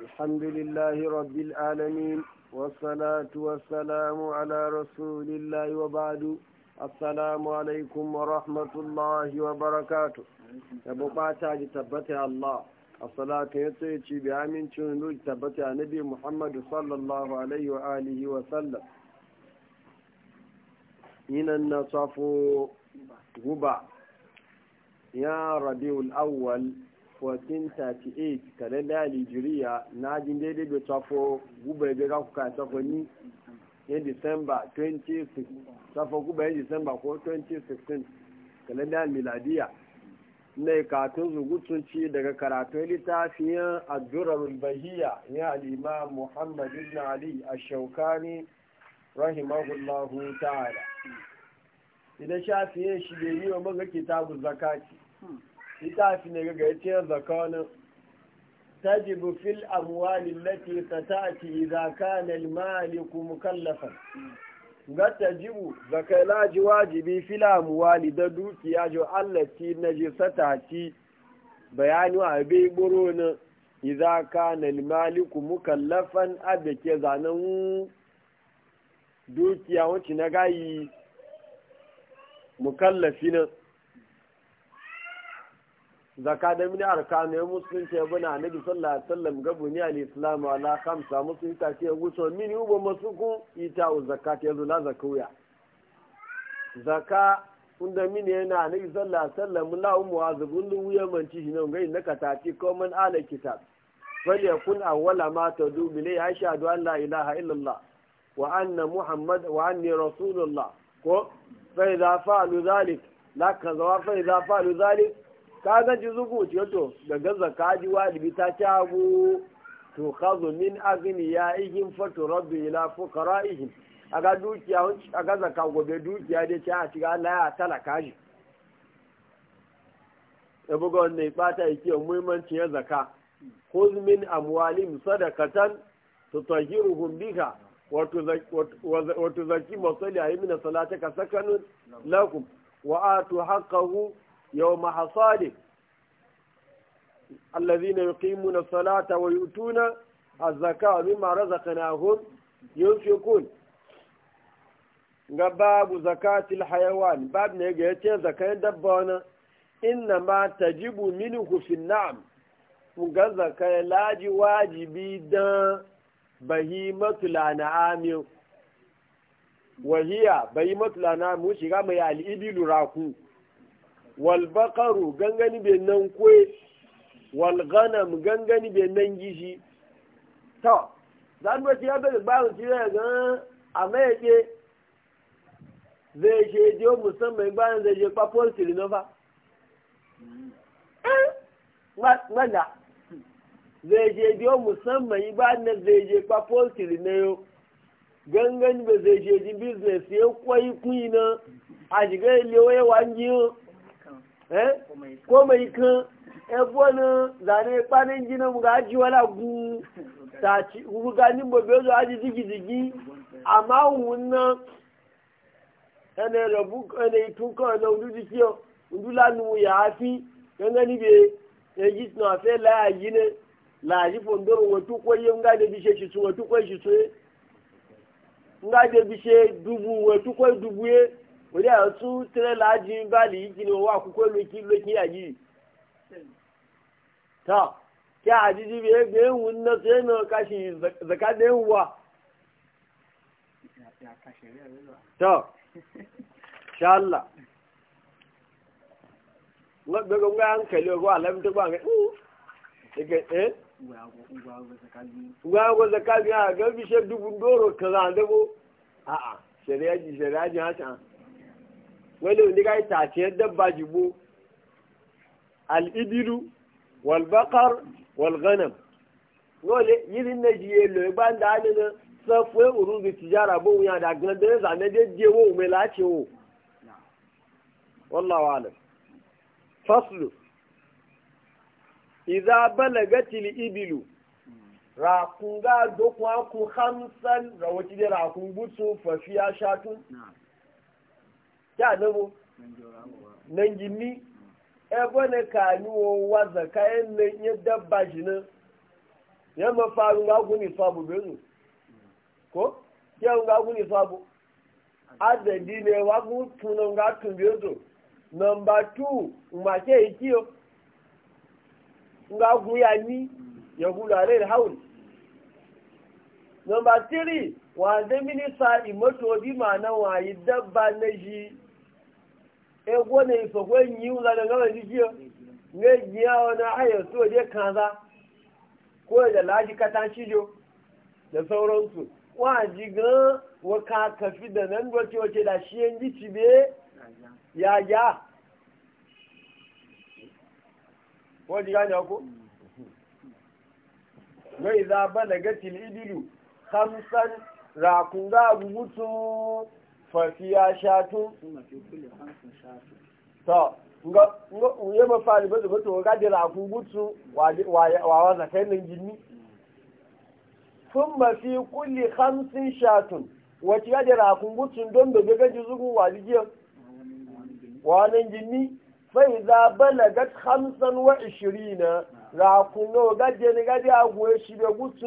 الحمد لله رب العالمين والصلاة والسلام على رسول الله وبعد السلام عليكم ورحمة الله وبركاته يبقى تعجي تبتي الله الصلاة يتيجي بعمل شنوج تبتي نبي محمد صلى الله عليه وآله وسلم هنا النصف غبا يا ربيع الأول 1438 kalenda nigeria na jin daidai da tafo gubai da ga kuka tafo ni ya disamba 2016 tafo gubai disamba ko 2016 kalenda miladiya ne katun zugutunci daga karatun littafiyan addurar bahiya ya alima muhammad ibn ali a shaukani rahimahullahu ta'ala idan shafiye shi da yi wa maga kitabu zakati littafi ne ga yacin zakawanin tajibu fil amwali lati tata'ati idza kana al malik mukallafan ga tajibu zakai laji wajibi fil amwali da dukiya jo allati najisata ci bayani wa bai buru ne idza kana al malik mukallafan abike zanan dukiya wacce na gayi mukallafi na. zaka da mini arkanu ya musulunci ya bana annabi sallallahu alaihi wasallam ga buni al-islam ala khamsa musulunci ta ce wuce mini ubo masuku ita u zakat ya zula zakuya zaka inda mini yana annabi sallallahu alaihi wasallam la umu azbun lu wuya manci shi nan na naka ta ci man ala kitab kun yakun awwala ma tadu bi la yashhadu an la ilaha illallah wa anna muhammad wa anni rasulullah ko fa idza fa'alu dhalik la kaza fa idza fa'alu dhalik ka ga ji zugu ce to daga zakati wajibi ta ci to kazo min agni ya ihim fatu rabbi ila fuqara a aga dukiya aga zaka gobe dukiya dai ta ci ga Allah ya talaka shi da buga wanda ta bata yake muhimmanci ya zaka khuz min sadakatan sadaqatan tutahiruhum biha wa tuzakki masalihim min salataka sakanun lakum wa atu haqqahu يوم حصاد الذين يقيمون الصلاة ويؤتون الزكاة مما رزقناهم ينفقون باب زكاة الحيوان باب نيجيتي زكاة دبانا إنما تجب منه في النعم ga zaka laji wajibi don bahimatul وهي بهيمة bahimatul an'ami shiga mai al'idilu raku Walbakaru baqaru gangani be nan kwe Walganam ghanam gangani be nan gishi to zan ba ci abe ba mu ci ga ameke zai je je musamman e ba zai je papon sirino ba eh, mada zai je e je musamman ba na zai je papon sirino yo gangan ba zai je business ya kwai kuyi na a shiga ilewa yawan jiyo Eh? komai kan ebo na zane panin jina mu ga ji wala gu ta ci gu ga nin bo aji digi amma wunna ene rabu ene na undu diki o la nu ya fi be e la la ji fo ndoro ko yem ga de ko tu de dubu ko dubu òde àwọn tún tẹ́lẹ̀lá jí báàlì yìí kí ni wọ́n wà kókó lókí lókí àyè tọ́ kí àjíjí bí ẹgbẹ́ ìwù ń náà tẹ́lẹ̀ káṣí zakadé ń wà tọ́ ṣáàlà wọ́n gbẹ́gbẹ́ ń ń kẹ̀lé ọgọ́ àlẹ́mú tó gbà ń gẹ́ ẹ́ gwagwa zakali a ga bishe dubu ndoro kaza da bo a'a shari'a ji shari'a ji haka wani wani ga itaciyar dabba jibo al'ibiru walbakar walganam wale yirin na jiye lo igba da ani na safu e uru bi tijara bo ya da gan da za ne je wo me la che wo wallahu alam faslu idza balagatil ibilu rakun ga kwa ku khamsan rawati da rakun butsu fafiya shatu. na'am ya nabo nan gimi ebe ne ka ni wo waza ka en ne nye dabba jina ya ma faru ga guni sabu bezu ko ya ga guni sabu adadi ne wa gu tuno ga tun bezu number 2 ma ke e yo nga gu ya nyi ya gu da re haul number 3 wa de minisa imoto obi ma na wa yi daba na ji ego na isokwe nyiwu za dangane jijiyo ne jiya wani ayar su waje kaza ko da laji katan shijo da sauransu wa ji gan wa ka da nan wace wace da shi e yan ji cibe ya ya ko ji gane ko wa idza balagatil ibilu rakun ga mutu fafiya shatu to nga nga uye ma fali ba zuwa to ga dira ku gutsu wa wa wa zakai nan jini. thumma fi kulli khamsin shatun wati ga da ku gutsu don da ga juzugu wa jiya wa nan jini. fa idza balagat khamsan wa 20 ra ku no ga je ni ga shi da gutsu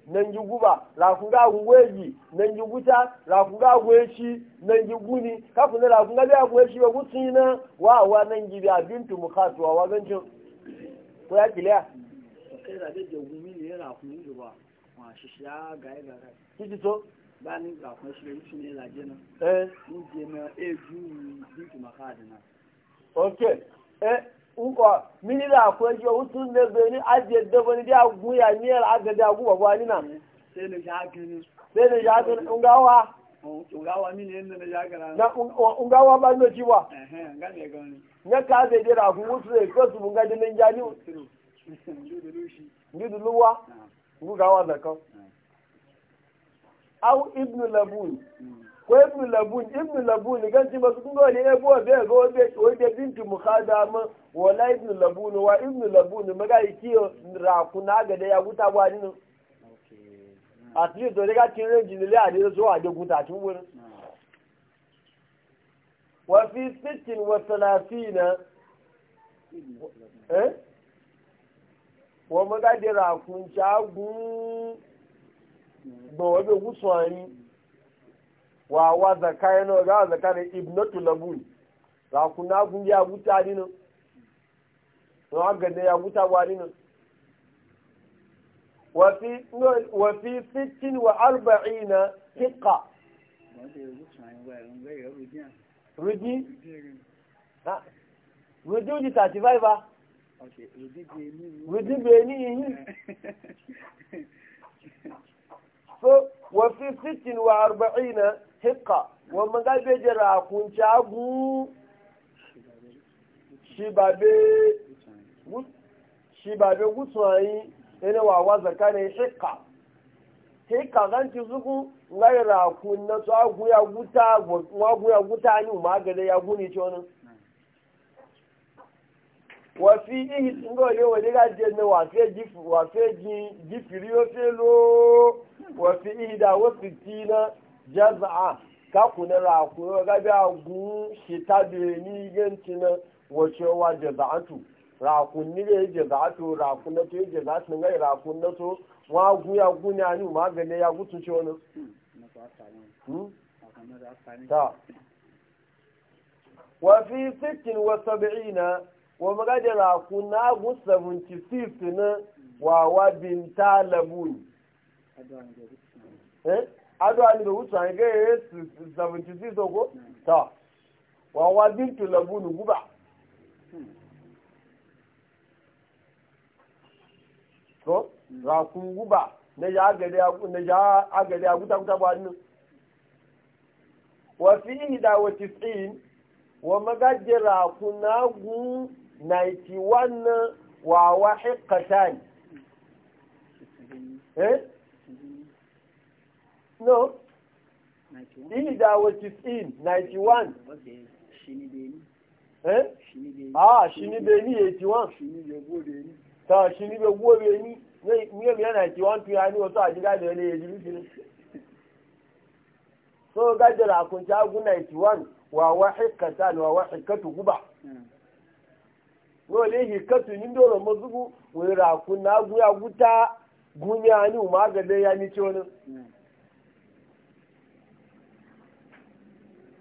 nan ji guba rakun ga gweji nan ji guta rakun ga gweshi nan kafin na rakun ga ba na wa wa nan bintu wa gancin ko ya kai da gumi ne ya ba ga kiji to ba ni shi ne shi ne la jena eh ni makadina okay eh nkɔ miniri akɔji o tu ne be ni aje dɔbɔ ni di ya ni na. sɛnɛ ja kiri. sɛnɛ ja kiri nga wa. nga wa mi ni e nana ja na nga wa ba n'o ci wa. nga ne gan ne. ka se de la kun wusu ko nga ni. ibnu labun. Hmm. ko ibnu labun ibnu labun ti ma e b'o bɛɛ ko o bɛ bintu mu wala ibnu labun wa ibnu labun maga ikiyo ra kuna ga da ya guta ba ninu at least da ga tin range ne le ade so a da guta tun wurin wa fi thalathina hmm. eh wa maga de ra kun shagun ba wa be ani wa wa zakai no ga zakai ibnu labun ra kuna gun ya guta ni don haka da ya guta wani nan wafi wa arba'i na hikka 35 ba so wa na shi ba bai gutsu a yi yana wawa zaka ne hikka hikka kan ci suku ngayi raku na su ya guta wagu ya guta ni magana ya guni ci wani wafi ihi ngo le wo diga je ne wa fe ji wa fe ji ji lo wafi ihi da wafi tina jaza'a ka na ra ku ga ga gu shi ta be ni gentina jaza'atu rakunni da yake za su rakun to yake za su ngai na to wa guya gunya ni ma gane ya gutu ce wani hmm? ta wa fi sittin wa sab'ina wa magadi rakun na gu 76 na wa wa bin talabun eh ado ani da wuta ga 76 ko ta wa wa bin talabun guba ko rakun guba na ja agari a guta guta bani wa fi ihda wa tis'in wa magaji rakun gun 91 wa wa eh no ihda wa tis'in 91 eh ah shini beni 81 shini beni ta shi ni bai gobe ni Ni yana na ki wantu tu ni wasu a jiga da wani ya ji rufi so la kun kunci gu 91 wa wa ta wa wa hikatu guba le hikatu ni dole wo wani kun na gu ya guta gunya ni umagadai ya ni ce wani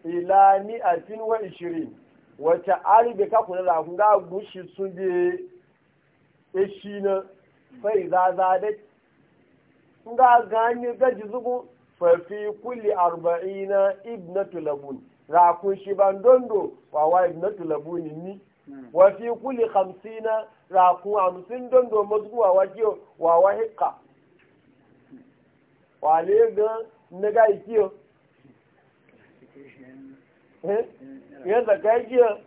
ila ni a wa ishirin wacce ari bai kakuna rakun ga gushi sun biye shi na fai zazadat nga ganye gaji zugu fafi kulli arba'ina ibnatu labun rakun shi ban dondo wa wa ibnatu labun ni hmm. wa fi kulli khamsina rakun hamsin dondo mazu wa wa kiyo wa wa hikka hmm. wa le ga na hmm. eh? ga kiyo eh ya zakai kiyo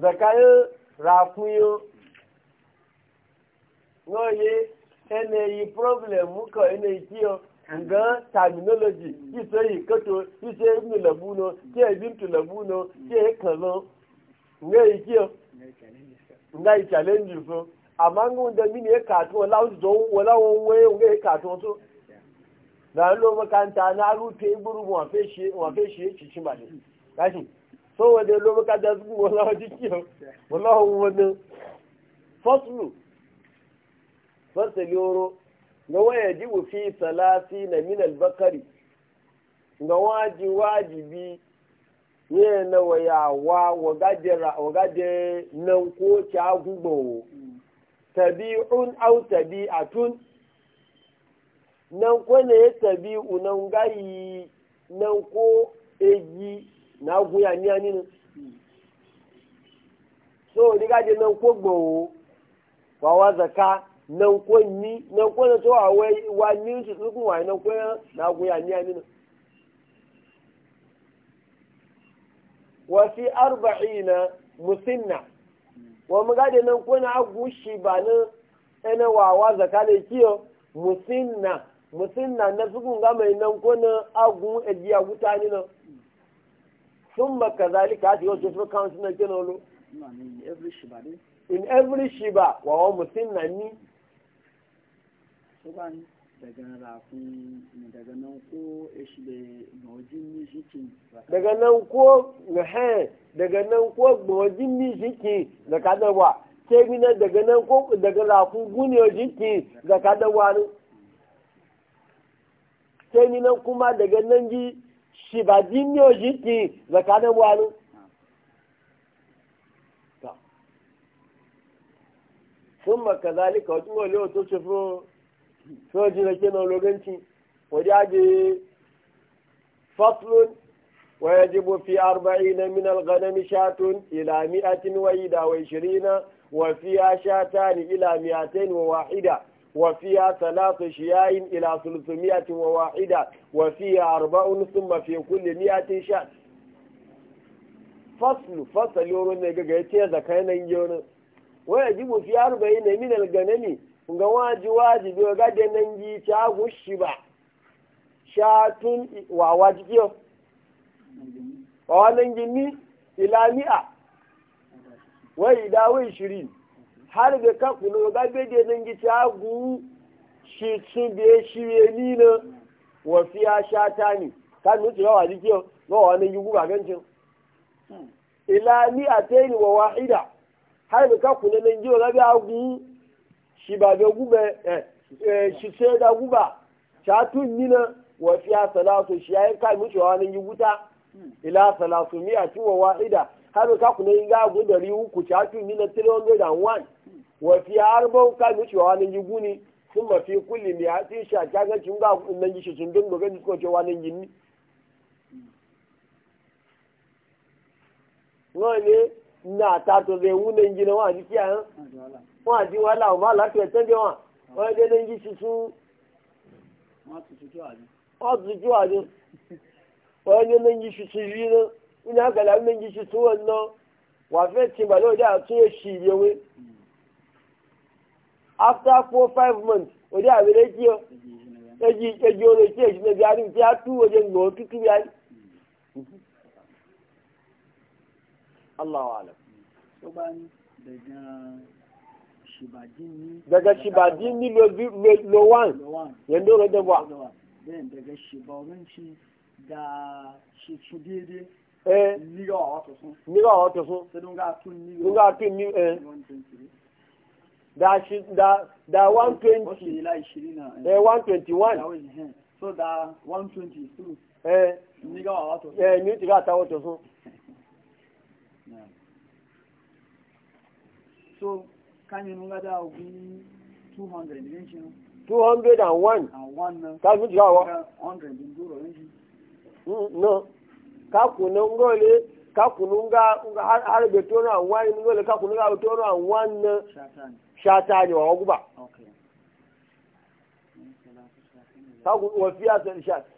zakai rakun yo n'oye eneyi problem kọ eneyi kiyo nga terminology ise yi kato ise ibnu labuno ke bintu labuno ke kazo nga yi kiyo nga yi challenge so amma nga wanda mini ya kato wala wuce zo wala wani nga yi kato so na lo makanta na rute iburu wafe shi ya cici ba ne kashi so wanda lo makanta su wala wajen kiyo wala wani faslu fasa loro ga waya ji wufi salasi na min albakari ga waji wajibi ne na wa wagaje nan ko tabi tabi'un au tabi'atun nan ko ne ya tabi'u nan gayi nan ko egi na guya ni nu so ni gaje nan ko wa wa zaka nan ni nan na to a wai wa ni su su kun wai nan ko na ku ya ni ani wa fi arba'ina musinna wa mu gade nan ko na agushi ba nan ene wa wa zakale kiyo musinna musinna na su kun ga mai nan ko na agun ejiya wuta ni nan sun maka zalika ta yau su na sunan in every shiba wa wa musinna ni soban daga rafin daga nan ko ishi da daga nan ko nahe daga nan ko da kadawa ke gina daga nan ko daga rafin guniyar jiki da kadawa ne ke gina kuma daga nan ji shi ba jiniyar jiki da kadawa ne ثم كذلك وتقول له تصفه soji da kenan loganci wadda ake faslun wa ya jibo fi arba'i na minal ganami shatun ila mi'atin wa yi da wai shirina wa fi ya shata ni ila mi'atin wa wahida wa fi ya talata shi yayin ila sulutu mi'atin wa wahida wa fi ya arba'un sun mafi kulle mi'atin shat faslu fasali wurin ne gaga ya ce zaka yanayin yau wa ya jibo fi arba'i na minal ganami ga waji wajibi ga da nan yi ta gushi ba tun wa wajibi wa wannan gini ilami'a wai da wai shiri har da ka kuno ga da da nan yi ta gu shi su be shi ne. ni na wa fiya shatani kan nuti ga wajibi ga wannan yi guga gancin ilami'a ni wa wahida har da ka kuno nan yi ga gu shi ba bai gube eh, eh, shi sai da guba ta tunnina wa fiya salatu shi yayin kai mutu wa nan yi wuta ila salatu miya ci wa wa'ida har ka kuna yi ga guda ri uku ta tunnina 301 wa fiya arba'u kai mutu wa nan yi guni sun mafi kulli miya ci sha ta ga cin ga nan yi shi sun dinga ga ko ce wa nan yi ni ne na ta to zai wunan gina wa ji kiyaye wa ji wala ma lafiya tanje wa wa dai nan ji shi su ma su ji wa ji wa su ji wa ji wa dai ji shi su ji nan ina ga la nan ji shi su wa fe ti ba lo da tun shi ye we after four five months o da bi le ki o eji eji o le ki eji ne bi ari ti a tu o e je ngo Allahu alam daga shibadini lo wan yadda ro da ba daga shibawanci da shi su daidai eh niga wato sun niga wato sun sai dunga tun dunga tun ni eh. da shi da da 120 eh 121 eh, eh. so da 122 eh niga wato eh ni tiga ta wato sun so kányinú ládá ogun 200 ní ṣe 201 kájú jù àwọ 100 ní dúró ní ṣe kakunu ngole kakunu nga tono anwani ngole kakunu tono anwani shatani wa waguba wafia shatani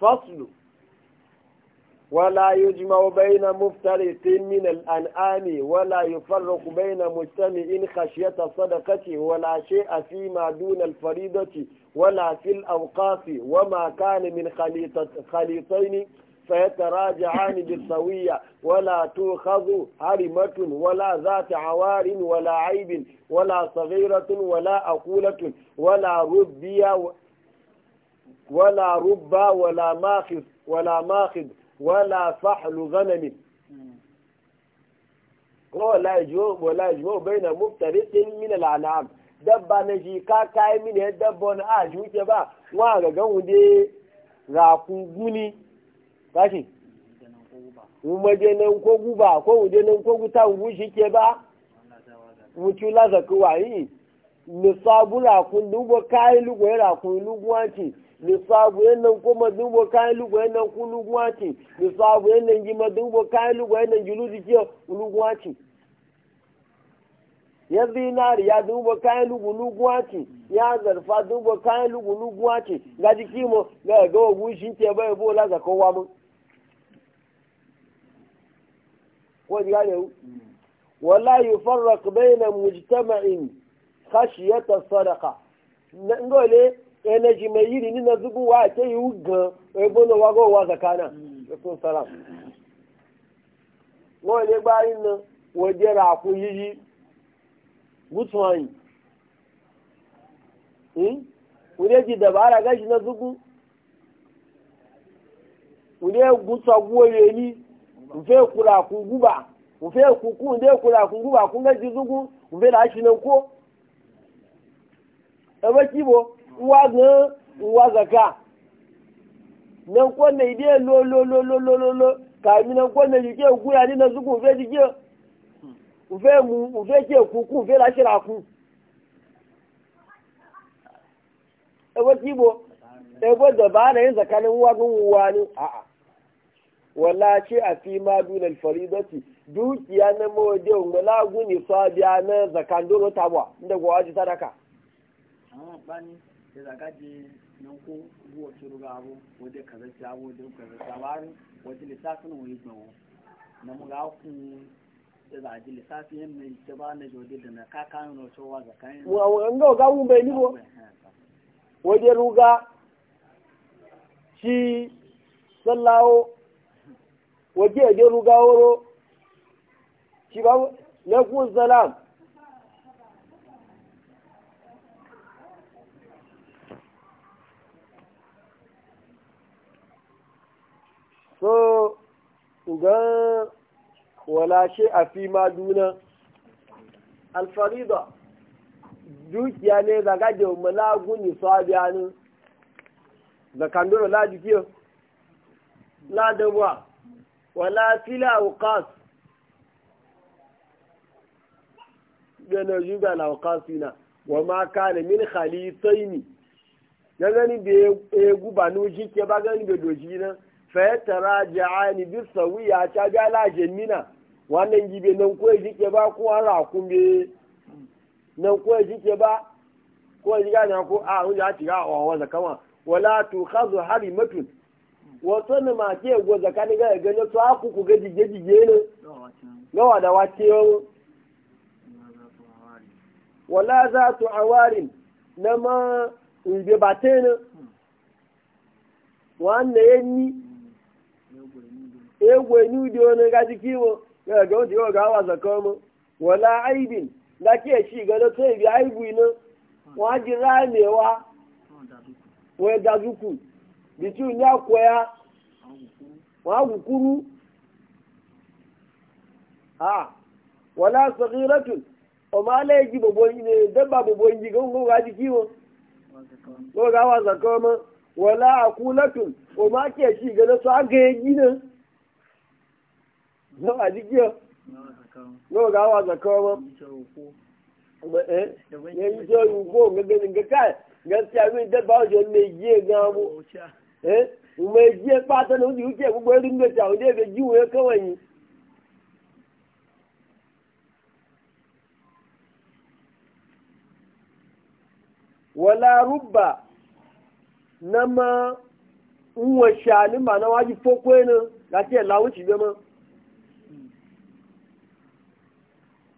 فصل ولا يجمع بين مفترق من الأنعام ولا يفرق بين مجتمع خشية الصدقة ولا شيء فيما دون الفريضة ولا في الأوقاف وما كان من خليط خليطين فيتراجعان بالسوية ولا تؤخذ حرمة ولا ذات عوار ولا عيب ولا صغيرة ولا أقولة ولا ربية ولا ربا ولا ماخذ ولا ماخذ ولا فحل غنم ولا يجوب ولا يجوب بين مفترس من الأنعام dabba na shi ka kayi mini ya dabba wani wuce ba wa ga gan wude rakun nan ko guba ko wude nan ko guta wu shi ke ba wucu laza kuwa yi misabula kun dubo kayi lugo ya rakun luguwanci nisabu yana ko madubo kayan lugu yana ku luguwaci nisabu yannan ma madubo kayan lugu yana ji lugu kiyo luguwaci ya zinari ya dubo kayan lugu lugwaci ya zarfa dubo kayan lugu lugwaci ga jiki mo ga gawa gushin ke bai bola ga kowa mun ko ji gane wala yufarraq bayna mujtama'in khashiyata sadaqa ngole energy mai yiri ni na zubu wa ke yi gan ebo na wago wa zakana ekun salam wọn hmm? lè gba iná wọn jẹrà àpò yíyí gúúsù ọyìn wùdí ti dàbà ara gẹ́sì náà dúkú wùdí gúúsù ọgbó rẹ̀ ní nfẹ́ kura kún gúbà nfẹ́ kúkú ndé kura kún gúbà kún dúkú nfẹ́ làásì náà kó ẹgbẹ́ tí bo. wazin wazaka nan kwanne ide lo lo lo lo lo lo lo kàmi nan kwanne jike ya ni na zuku ufe jike ufe mu ufe ke kuku ufe la shira ku ebo tibo ebo dabara yin zakanin wazin wani a'a wala ce a fi ma dunal faridati dukiya na mawade lagu guni sabiya na zakandoro tabwa inda gwaji sadaka sai zaga je nan ko buwa turu ga abu wajen kaza abu wajen kaza ci abu wajen lissafin wani gbawo na mu ga da za a ji lissafin yin mai ta ba na jode da na kakan na ga kayan ga ga mun bai wajen eh, ruga shi sallawo waje ruga woro shi ba na kun salam ga wala shi a fi ma duna alfarida dukiya ne zaga da malagu ni so abiyanu da kandoro ladi kiyo ladawa wala fila da na juga la awqasina wa ma kana min khalitaini ya gani be e gubanu jike ba gani da doji na fayatara ja'ani bi sawiya ta gala laje mina wannan gibe nan ko jike ba ko ara kumbe nan ko jike ba ko jiga na ko a hun ya a wa wa kama wala tu khazu harimatun wato ne ma ke go zakani ga ga ne to aku ku ga jige jige ne gawa da wace wala za tu awarin na ma ibe batene wannan yanni egwe ni udi wani gaji kiwo ya ga wani yau ga hawa zaka mu wala aibin da ke shi ga da tsaye bi aibu ina waji ramewa wani dazuku akwa ya koya wani kuru ha wala sagiratun o ma ala eji babon ne dabba babon ji ga wani gaji kiwo ko ga hawa zaka mu wala akulatun o ma ke shi ga da su aga eji na. náà àdígbìọ́ náà ga wà zaka ọmọ eh, ya yi jẹ́ ugbó gẹ́gẹ́ ní káì gẹ́sí àmì ìdẹ́bà ọjọ́ ní èyí ẹ̀gán mu ìmọ̀ èyí ẹ̀ pátá ní ojú ìjẹ́ gbogbo ẹ̀rí ń gbèsè àwọn ẹ̀fẹ̀ jíwò ẹ̀ kọ́wọ̀ yìí. wọ́lá rúbà náà máa ń wọ̀ṣà ní màá ma na fọ́kọ́ ẹ̀ náà láti ẹ̀ láwùjọ mu.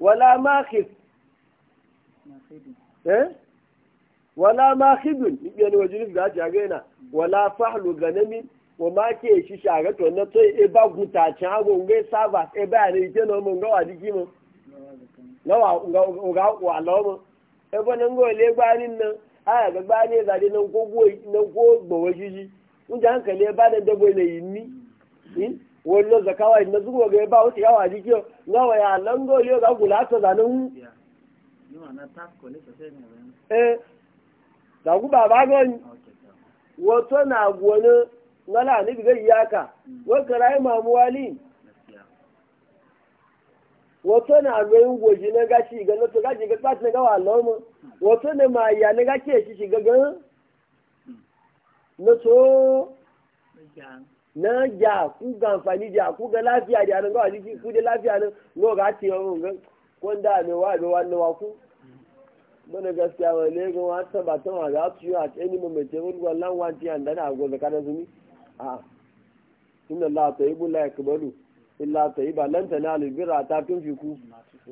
wala makhid eh wala makhidun ibn wajin ga ta gaina wala fahlu ganamin wa ke shi na to e ba guta can ago nge saba e ba na wa nga nga wa lo mo e bo ngo le gba ni na a ga gba ni za de no ko wannan zakawa na zuwa ga ba wuce yawa jike nawa ya nan gole ga kula ta zanin eh da ku ba ba gani wato na gona ngala ni biga iyaka mm. wa karai mamu wali wato na rayin goji na gashi ga na to gaji ga tsat na gawa lamu mm. wato ne ma ya na gashi shi shiga ga mm. na to na ja ku ga amfani ja ku ga lafiya da nan ga wani ku da lafiya nan go ga ce yau ga kwanda ne wa da wannan wa ku mana gaskiya wa ne ga wata ba ta ma za su yi a tsani mu mai ce wurgwan lan wanti an dana a gobe kada su ni a inna allah ta yi bula ya kabalu illa ta yi ba lan ta na albira ta tun fi ku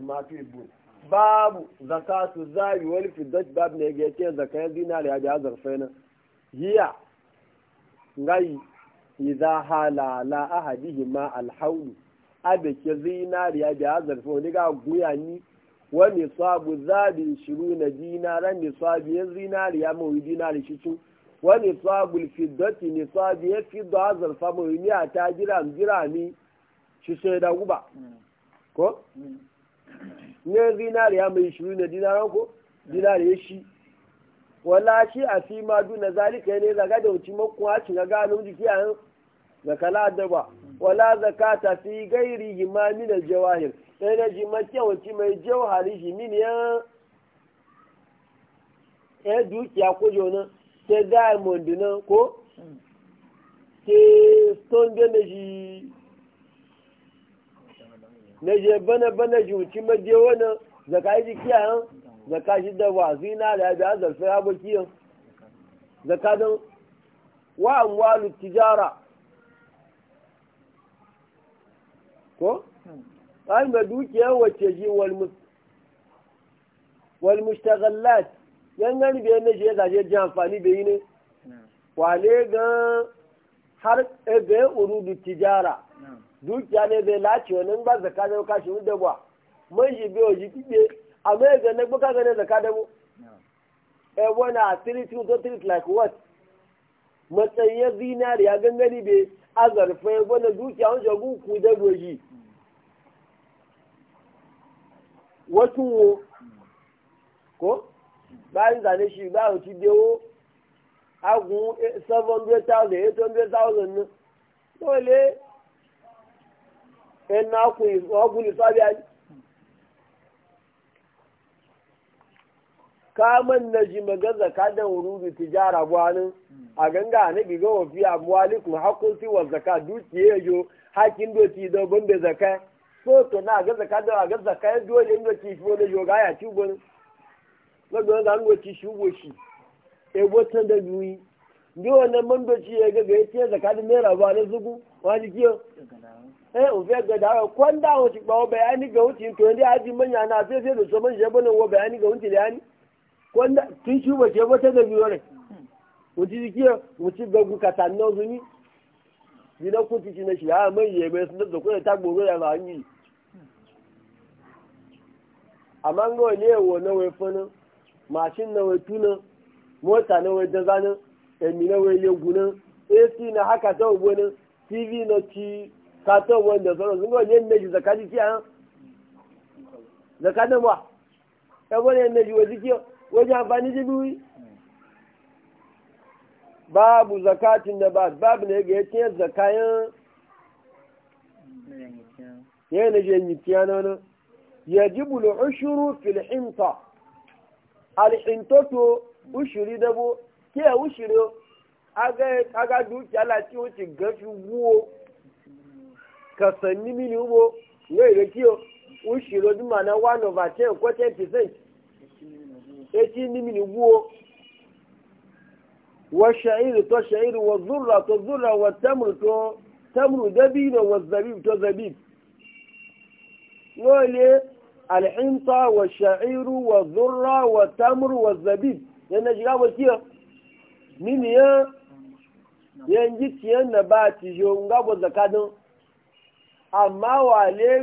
ma fi bu babu zakatu zabi wal fiddat bab ne ga yake zakayar dinari ya da zarfaina hiya ngai iza hala la ahadihima alhawlu abeke zinariya da azarfa wani ga guya ni wani sabu zabi shiru na dinaran ne sabu yan zinariya mawai dinari shi wani sabu fiddati ne sabu ya fiddo azarfa mawai ni a ta jira jira ni shi sai da guba ko ne zinariya mai shiru na dinaran ko dinari shi wala shi a fi ma duna zalika ne zaga da wuce makon a ga ganin jiki a zakala da wala zakata fi gairi hima min aljawahir ina jima ji makiyawanci mai jawhari shi min ya e dukiya ko jona ke diamond nan ko ke stone de na shi ne je bana bana shi wuci madiya wannan zaka yi kiyayen zaka shi da ba zina da ya zarfi abokiyan zaka don wa amwalu tijara ko an ga dukiyar wacce ji wal mustaghallat yan gani biyan na shi zaje ji amfani da yi ne wale gan har ga urudu tijara dukiya ne bai lace wani ba zaka da ka shi da ba man shi bai ji kibe amma ga na buka ga ne zaka da mu eh wana 3 2 3 like what matsayin ya gangani bai azarfa ya gwada dukiya wani shagun ku da gwaji wasu wo ko bayan zane shi ba wuci dewo agun 700,000 800,000 nan dole ɗan na ku yi tsawa ku lissabi kaman na ji magaza kadan wurudu tijara gwanin a ganga na giga wa fi amwalikum haqqun fi wa zaka dukiye yo hakin do ti do da zaka so to na ga zaka da ga zaka dole ndo ti fo ne yo ga ya ci gon na do da ngo ti shu bo shi e bo da duyi ndo na man do ci ga ga ti zaka da mera ba na zugu wani kiyo eh o fe ga da kwanda o ti ba o bayani ga wuti to ndi aji manya na fe fe do so man je bonan wo bayani ga wuti da yani wanda tun shi ba ce wata da biyu ne wuce jiki wuce gagu ka tannan su ni ni na kuti shi na shi ya ah, mai yi mai sun da kuma ta gobe ya ba hanyi amma ga wani yawo na wai fana mashin na wai tuna mota na wai dazanin emi na wai legunan ac na haka ta wani. tv na ci ka ta wani da sauran sun ga wani yadda shi zaka jiki a ah? zaka da ba ya wani yanayi wa jiki wajen amfani jibi babu zakatin da ba babu ne ga yake zakayan yana na jenyi kiyana na yajibu al'ushuru fil hinta al'intoto ushuri dabo ke ushuri aga dukiya lati wuce gafi wuwo ka sanni mini ubo ne ga kiyo ushuri ma na 1 over 10 ko 10 percent eti nimi ni guo wa sha'iru to sha'iru wa zurra to zurra wa tamru to tamru dabino wa zabib to zabib lole alhinta wa sha'iru wa zurra wa tamru wa zabib yana shiga wa kiyo nimi ya yanji tiyan na ba ci jo ngabo zakadun amma wale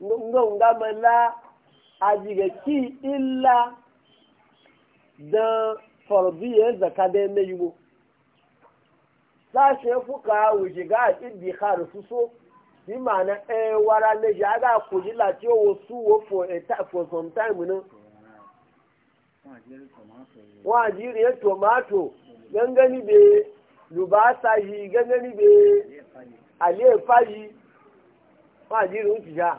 ngon ga mala ajiga ki illa da farbiyar zaka da na yiwo sashe fuka wujiga a ɗin har su so bi ma'ana ɗaya eh, wara le shi ga ku ji ti o su wo for e ta fo some time no wa jiri ya tomato gangani be lubasa yi gangani be ale fayi wa jiri wuce ja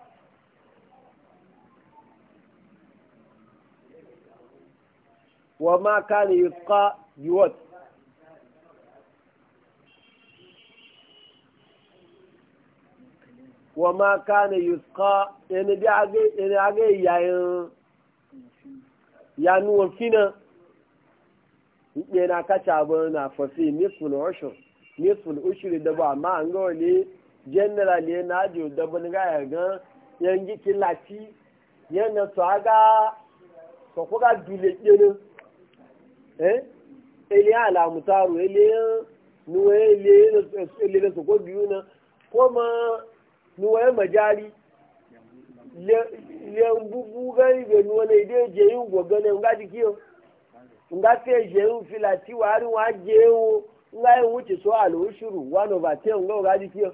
وما كان يتقى بوت وما كان يتقى يعني بيعجي يعني عجي يعني na fafi nisful ushur nisful ushur da ba ma an ga wani generally na ajiyo da bin ga yan gikin lati eh ele ala mutaru ele nuwe ele ele so ko biuna ko ma nuwe majari le le mbubu gari be nuwe na ide je yin gogo ne nga di kiyo nga te je yin fila ti wa ri wa je o nga yin wuce so alu ushuru one over ten nga ga di kiyo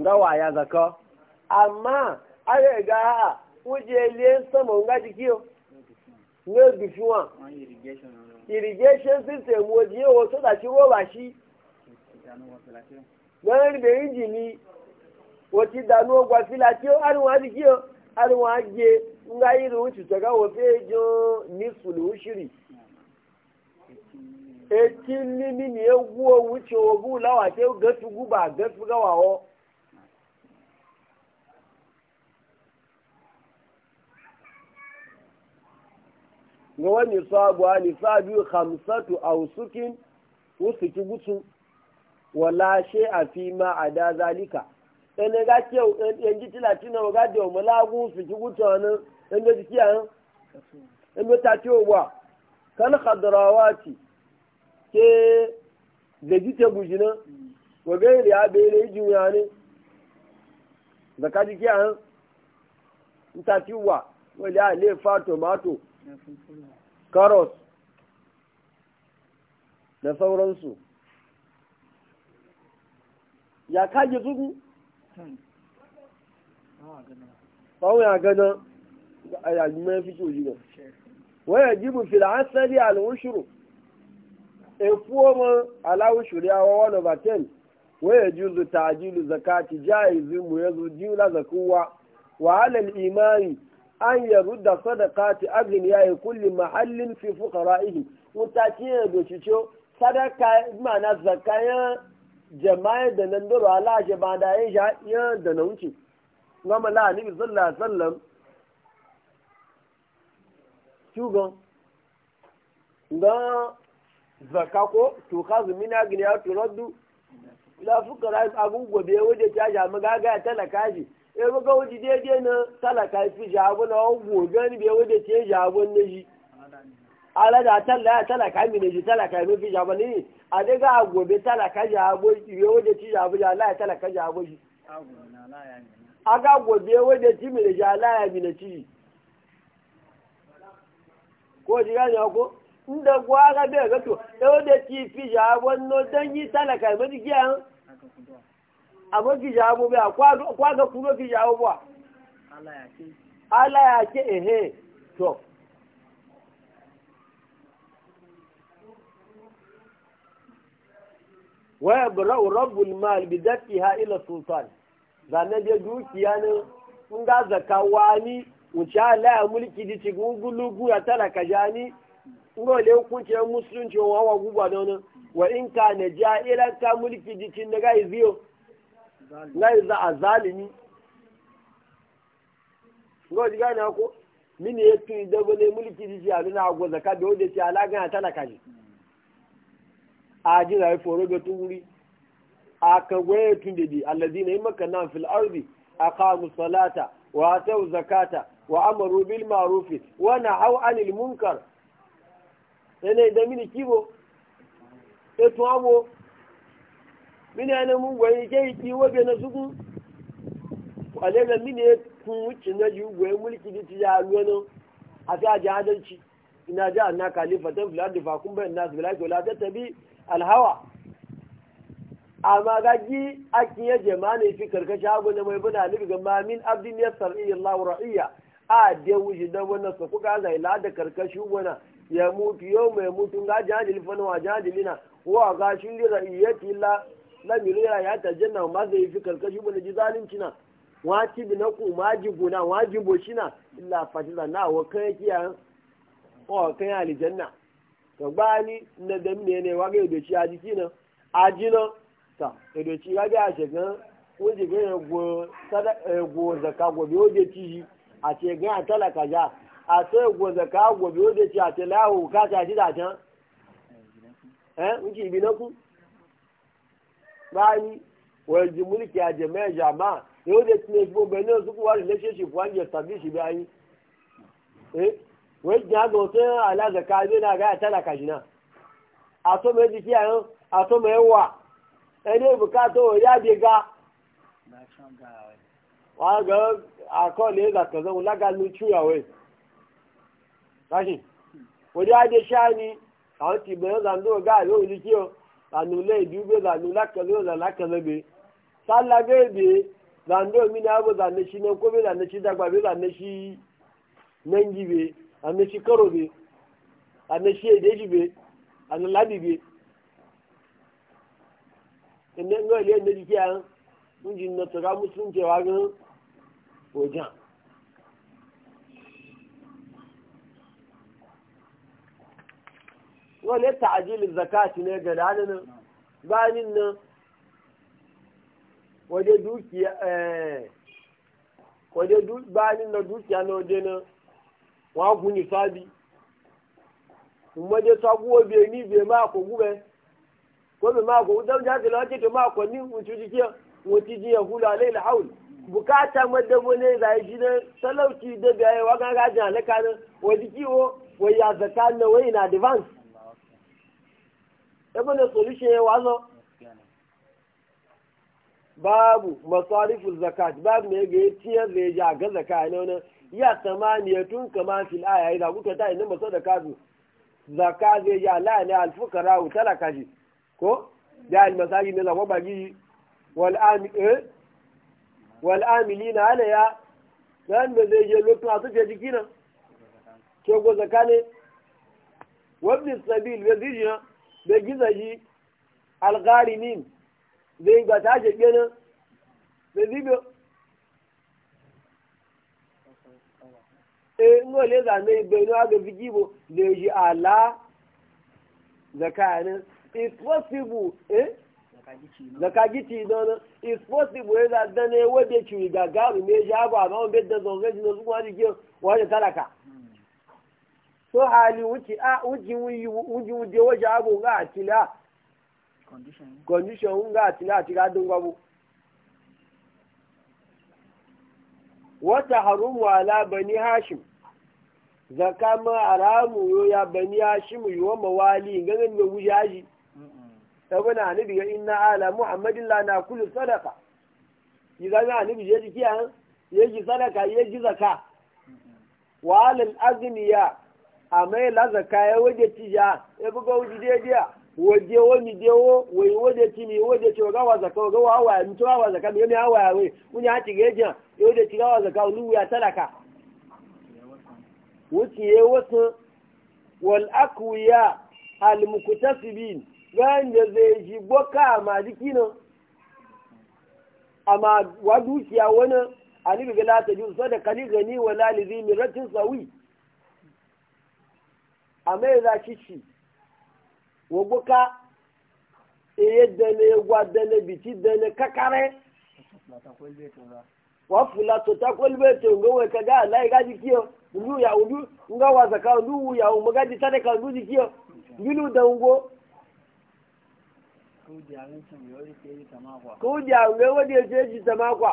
nga wa ya zakka amma are ga wuje le sama nga di kiyo ní gbìfì wọn irrigation system wo di ewo tó dàtí wọ́n wá sí lọ́rọ̀ níbi ìjì ni wọ́n ti dànù ọgbà fìlà tí ó àrùn wá sí kí ó àrùn wá jẹ ńgá irú òtútù ká wọ́n ni jọ ní sùlù òṣìrì etí ní mímí ewu owó tí ga wani sabuwa nisabi hamsatu a usukin usuki gutsu wala she a fi ma a da zalika ɗan ga kyau ɗan ji tilatina ga da malagu usuki gutsu wani ɗan ga jiki yan ɗan ga ta ciwo ba kan hadarawa khadrawati ke vegetable jina wa gairi ya bere juya ne zaka jiki yan ta ciwo wa wala le fa tomato karos da sauransu ya kaji zugu tsawon ya gana a yayin mai fi kyoji ga waya jibu fil'asari al'ushuru efuoma a awa wani batel waya ta tajilu zakati jaizi mu yazo jiula zakuwa wa halal imani an yarudda ta agin yayi kulli mahallin fi fuqara'ihi mutaki ya da cho sadaka mana ya jama'a da nan doro ala jama'a ba da ya sha ya da na wuce gama la ni sallallahu alaihi wasallam shugo da ko to kazu mina gina ya turaddu la fuqara'i agun gobe wajen ta ja magaga talaka shi ebe ga wuce daidai na talaka fi jabu na ogun gani bai wuce ce jabu na shi ala da talaka talaka mi ne shi talaka mi fi ne a daga gobe talaka jabu bai wuce ci jabu ya la talaka shi ci mi ne shi ala ya mi ne ko gani ko inda bai ga to ci fi no dan yi talaka mi ji àmọ́ kì í ṣe àwọn bẹ́ẹ̀ kó àgọ́ kúrò kì í ṣe àwọn bọ́à. waya bura rabbul mal bi ha ila sultan zane je dukiya ne kun ga zaka wani wuce la mulki di cikin gulugu ya talaka jani ngo le hukunce musulunci wa wa guba don wa in ka ne ja'ila ka mulki di cikin daga iziyo ngai za a zalimi ngo diga na ko mini yetu idabo ne mulki di ya na go zaka be ode ti alaga ta na kaji aji rai foro be turi akagwe tun didi alladina imakana fil ardi aqamu salata wa atu zakata wa amaru bil ma'ruf wa nahaw anil munkar ene da mini kibo etu awo mini ana mun gwaye ke yi ki wabe na suku kwale ga mini kun wuce na ji gwaye mulki da ti ya luwa a fi aji adalci ina ji anna kalifa ta fila da fakun bayan nasu bila ke wula ta tabi alhawa amma ga ji akin ya jama'a ne fi karkashi abu na mai buna alibi ga mamin abdin ya sar'i allahu ra'iya a da wuce da wannan sa kuka zai la da karkashi wana ya mutu yau mai mutu ga jahilin fana wa jahilina wa ga shi ra'iyyati la la milira ya ta janna ma zai fi karkashi bane ji zalunci na wati bi na ku ma ji guna wa shi boshina illa fatila na wa kai kiya o kai janna to bani na da mine ne wa ga doci aji kina aji na ta doci ga ga gan ko ji ga go sada go zaka go bi oje ti a ce ga talaka ja a ce go zakka go bi oje ti a ce lawo ka ta ji da jan eh nki bi na ku báyìí wọ́n ju múlìkì àjẹmọ́ ẹ̀jẹ̀ àmà yóò lè tilẹ̀ fún ọbẹ̀ náà sókè wá relationship wá ń yẹ tàbí ìṣẹ̀bí ayé wọ́n jẹ́ àgbọ̀n tó ń aláàzẹ̀ká ilé náà gáyà tẹ́lá kàjínà àtọ́mọ̀ ẹ̀dì kí àyàn àtọ́mọ̀ ẹ̀ wà ẹni òbíká tó wọ̀ yáde ga ni àwọn tìgbẹ̀rẹ̀ ọ̀gá ló gáà lóòrùn zanula biyu be zanula kazo zana kazo be sallah be be zando mi na bo zanne shi nan ko be zanne shi dagba be zanne shi nan gi be zanne shi karo be zanne shi edeji be zanne labi be ene ngo ile ne di kiyan mun jin na tura musun cewa gan wajen wale ajiyar zakati ne ga dani nan bayanin nan waje dukiya eh waje du na dukiya na waje nan wagu guni sabi kuma waje saguwa biyar ni biyar ma ko gube ko bi ma ko dan na wajen ma ko ni mun jikiyar jiya mun jiya hula laila haul bukata madabo ne zai ji ne talauci da biyayewa wa ga ga jan lakanin waje wai ya zaka na wai na advance ebe da solution ya wazo babu masarifu zakat babu ne ga tiyar zai ya ji a ga zaka ne wani ya samaniya tun kama fil aya ya zaku ta inda maso da kazu zaka zai ji ala ne alfukara wa talaka shi ko da masaji ne zama bagi wal ami eh wal amili na ala ya dan da zai je lokacin a suke jiki na ke go zakane wabin sabil wa ji na da gizaji shi algarimin zai eh, ga ta shi kenan da zibe e ngo le za ne be ga zigi bo da ji ala zakanin it's possible eh zakagi ti don it's possible e za dane we be chi ga ga me ja ba ba on be da zo ga ni zo kwa ni ge wa talaka so hali wuce a wuce wuce wuje waje abu ga atila condition ga atila atila don gwabo wata harumu wala bani hashim zaka ma yo ya bani hashim yo mawali ganin da wujaji sabana annabi ga inna ala muhammadin la na kullu sadaqa idan annabi ya ji kiyan ya ji sadaka ya ji zaka wa al azniya amma ya laza kaya waje ci ya ya buga waje daidai waje wani dewo wai waje ci ne waje ci waga wa zaka waga wa wa mutu wa zaka ne ne wa wai mun ya ci gajiya ya waje ci wa zaka lu ya talaka wuce ya wasu wal akwiya al muktasibin gan da zai ji boka ma dikinan amma wa dukiya wani ani bi la ta ju sadaka ni gani wala li zimratin sawi amẹ́ra ṣíṣì wọ́gbọ́ká eye dẹ́nẹ́ ewa dẹ́nẹ́ bìtí dẹ́nẹ́ kákárẹ́ wọ́n fula tòtá tota kólúbẹ̀ tó ń gbọ́wọ́ kẹ́gá aláì gájí kí ọ ndú ya ndú nga zaka ya ọmọ gájí sáré kan ndú di kí ọ ndúlù dẹ̀ngbó. kó jà ń gbé wọ́n di ètò èjì tẹ̀má kwa.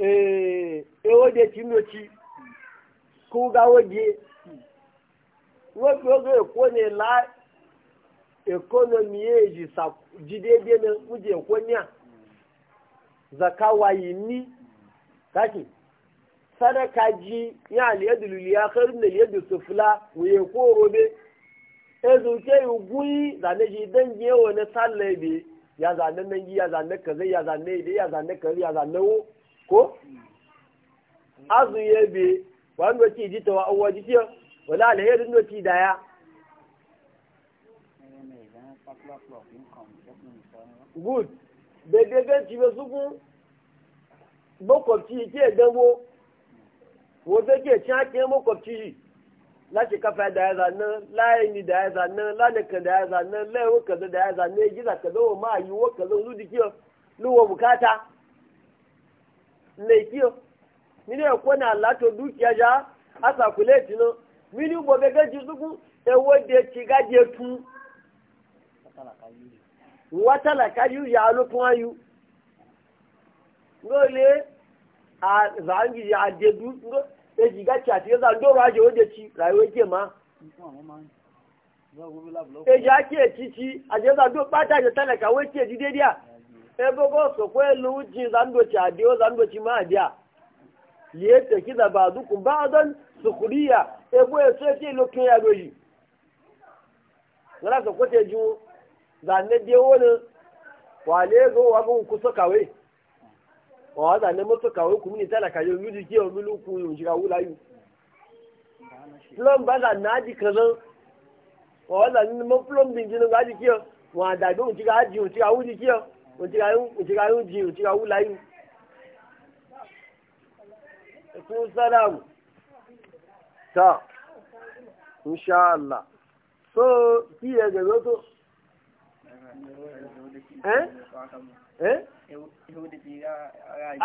Ee eh, ewede ti nochi kuga waje wofi oge ekwo ne la ekonomi eji jidede na wuje ekwo a zaka wayi ni kaki sadaka ji ya aliyadu luliya karin da liyadu sufula wuye ko robe ezu ke yuguyi zane ji dan je wani sallabe ya zane nan ya zane kaze ya zane ide ya zane kaza ya zane wo ko azu ya be wani wace ji ta wa'an waje fiye wala alherin wace da ya good daidai ganci ba su makwabci ke gamo wata ke cakin makwabci láti káfẹ́ dáyàzà náà láì ní dáyàzà náà lánàkàn dáyàzà náà lẹ́wọ́ kẹ̀dọ̀ dáyàzà náà yíyà kẹ̀dọ̀ wọ́n máa yíwọ́ kẹ̀dọ̀ olùdíkíọ́ lówó bukata. le kiyo mini ko na lato asa kuleti mini bo be gaji dugu e wode ti gaje ya lo ayu ngole a zangi ya de du ngo e ji gaji ati e za do ma e ja titi ajeza do pata je tele ka ti ebogo sokwe lu ji zando ci adio zando ci ma adia liye te ki da badu kun ba don sukuriya ebo e so ti lokin ya goyi ngala sokwe te ju zanne die wona wale go wa go ku so kawe wa zanne mo so kawe ku mini tala kayo lu di ki o mi lu ku yo jira wula yu plumba da naji kazan wa zanne mo plumbing jinu gaji ki o wa da go jira aji o ti awu ki o òtíráyún jìn òtíráyún láyún ẹ̀kún sádàmù tá ìṣàlá tó kí ẹgbẹ̀ ló tó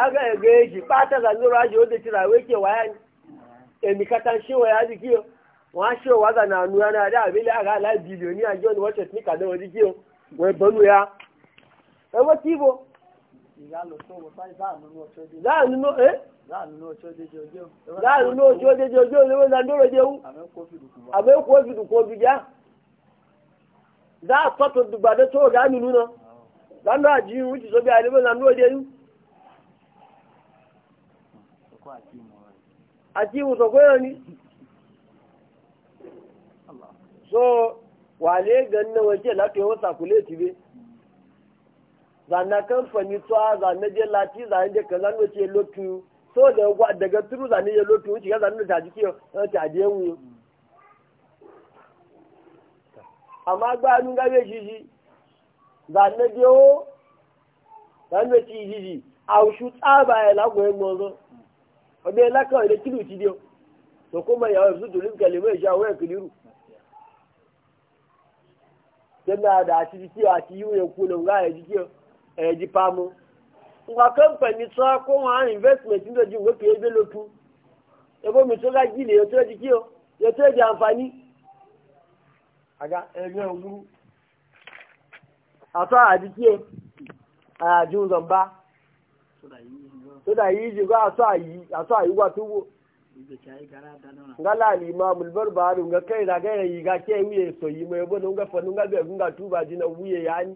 aga ẹgbẹ̀ èjì pátàkà lórí ajé ó dẹ̀tí ra wékè wáyá ni èmì kata ṣé wọ́n yá díkí o wọ́n á ṣe wádà náà nú ẹran adé àbílẹ̀ àgá aláìbìlì òní àjọ ni wọ́n ya. ẹwọ́ ibo. láàánú ló ojú ojú ojú olówó sandoro jẹun. àmọ́ èkó òfìdù kò já. dáa tọ́tò dùgbàdé tó dáa nínú náà. lánàá àjí irun ti sọ bí àlébó sandoro jẹun. àti ìwòsàn kó yọ ni. so wàlẹ́ gan náà wọ́n sàkúlẹ̀ tìbẹ́. zana kamfani tsawa zana je lati zana je kaza no ce lotu so da gwa daga turu zana je lotu wuce kaza da ta jike ta je wu amma gba nun ga be jiji zana je o zana ci jiji a ushu tsaba ya lago yin mozo obe la ka ile kilu ti dio to kuma ya wasu kalima ya e sha waya kiliru tana da a ciki a ciki yiwu ya kuna ga ya jike ẹ̀ẹ́dì pamọ́ nǹkan kẹ́ńpẹ̀ẹ́ni sọ kó wọn á investment ní ojú ìwé pèébé lókun ẹgbẹ́ mi tó ká jìlè yóò tó di kí o yóò di àǹfààní. àga ẹgbẹ́ òwú àtọ́ àdìkí o zọ̀mbá sódà yìí jù kó àtọ́ àyíwá tó wò. ngala alima bar baru nga kai da ga yi ga ke mi so yi mai bodo nga fa nga be nga tuba jina wuye yani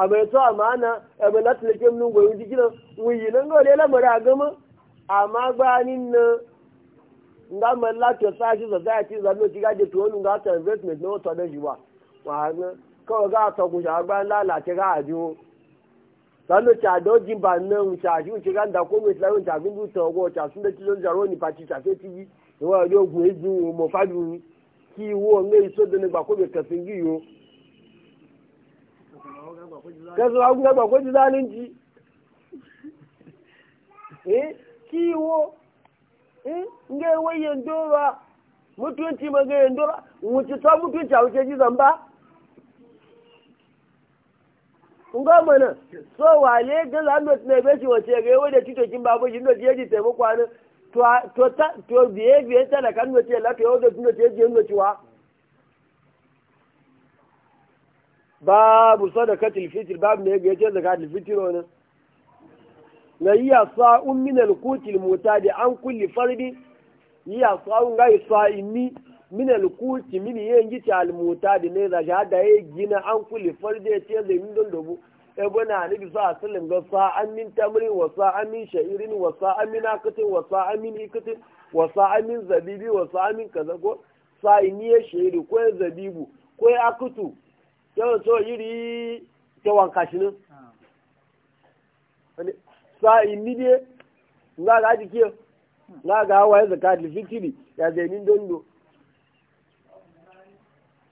àmọ́ ètò àmàna ẹ̀mọ́ láti lè kéwọn nùgbò yìí dídí náà wọ́n yìí náà ń gbọ́dọ̀ ẹlẹ́mọ̀rẹ́ àgọ́mọ́ àmọ́ agbá nínú nga mọ̀ láti ọ̀sá àti sọ̀tá àti ìzàmì òtí gáde tó nù gàtọ̀ investment náà tọ́ dẹ́ yìí wà wà á gbọ́n kọ́wọ́ gá àtọkùn ṣàgbá ńlá làtí gá àjò lọ́nà tí àdó jìmbà náà ń ṣàṣì ń ṣe ká ń da kó wíṣ láwọn ìṣàgbéǹdù tán ọwọ́ ṣàṣúndẹ́tì ló ń ṣàrò nípa ti ṣàfẹ́tì yìí ìwọ́n ọdún ogun èjì ń mọ̀ fábìrún kí ìwọ́ ọ̀ngẹ́ ìṣòdò nígbà kó bẹ̀ kẹfìn yìí o kasuwa kun gaba kwaji zalunci eh kiwo eh nge wayen dora mutunci magayen dora wuce ta mutunci a wuce zamba nga mana so wale ga lanot ne be ci wace ga wanda tito kin babu jin da je ji taimako to to to biye biye ta da kan wace la to ga tun da je ji wa babu sadakati fitr babu ne ga yace zakat fitr wannan na iya sa'un min al-qutil mutadi an kulli fardi iya sa'un ga sa'imi min al-quti min yengi ta al-mutadi ne da shahada ya gina an kulli fardi yace da min don dobu e bona ne bi sa sallin ga sa'an min tamri wa sa'an min sha'irin wa sa'an min akatin wa sa'an min ikatin wa sa'an min zabibi wa sa'an min kaza ko sa'imi ya sha'iru ko zabibu ko akutu yau so yiri yawan kashi nan sa inni ne nga ga jike nga ga hawa ya zaka da fitiri ya zainin dondo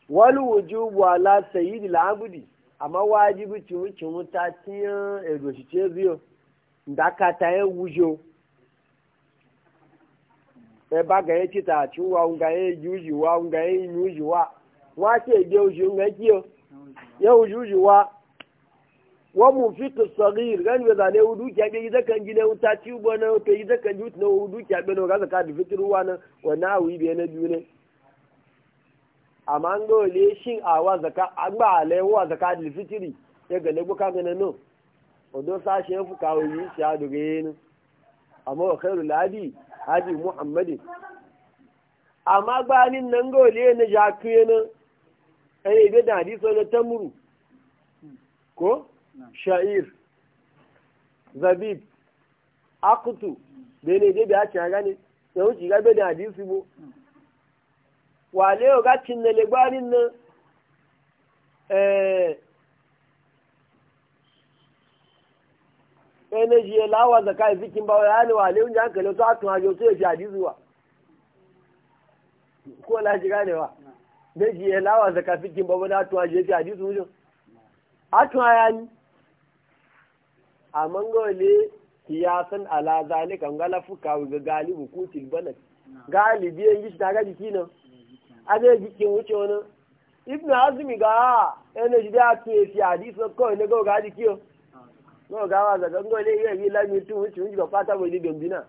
wani wujubu ala sayidi la'abudi amma wajibi ci wuce wuta tiyan edoshi ce ziyo da aka ta yin wujo ẹ bá gẹ̀yẹ́ títà àti wà ń gẹ̀yẹ́ yíyí wà ń gẹ̀yẹ́ yíyí wà nga á sì èdè oṣù ń gẹ̀yẹ́ kí o. yau jujuwa wa mu fi sagir gan be zane wudu kya be da kan gine wuta ci bona to da kan jut na wudu kya be no gaza ka da fitir ruwa na wa na wi be na june amma ngo le shin awa zaka agba le wa zaka da fitiri ya ga le buka gane no odo sa she fu ka wi shi adu gen amma wa khairul hadi hadi muhammadin amma nin nan ngo le na jakuye na an yi da hadisi wani tamuru ko sha'ir zabib akutu da ne je da ya cin gane ya wuce ga bai da hadisi bo wale yau ga cin na legbanin nan energy eh, eh, ya lawa zaka ya zikin bawa ya ne wale yau ya hankali to a tun hajjo su ya fi hadisi wa ko la shi ganewa zai ji lawa zaka fikin babu na tuwa je ta ji su a tuwa ya ni a mangole kiyasan ala zalika ngala fuka ga galibu kutil banas galibi yin gishi ta ga jiki nan a zai jikin wuce wani ibn azumi ga yana shi da tuye fi hadisi kawai na gawa ga jiki yau gawa ga wa zaga ngole iya yi lami tun wuce wuce ba fata bai digan bina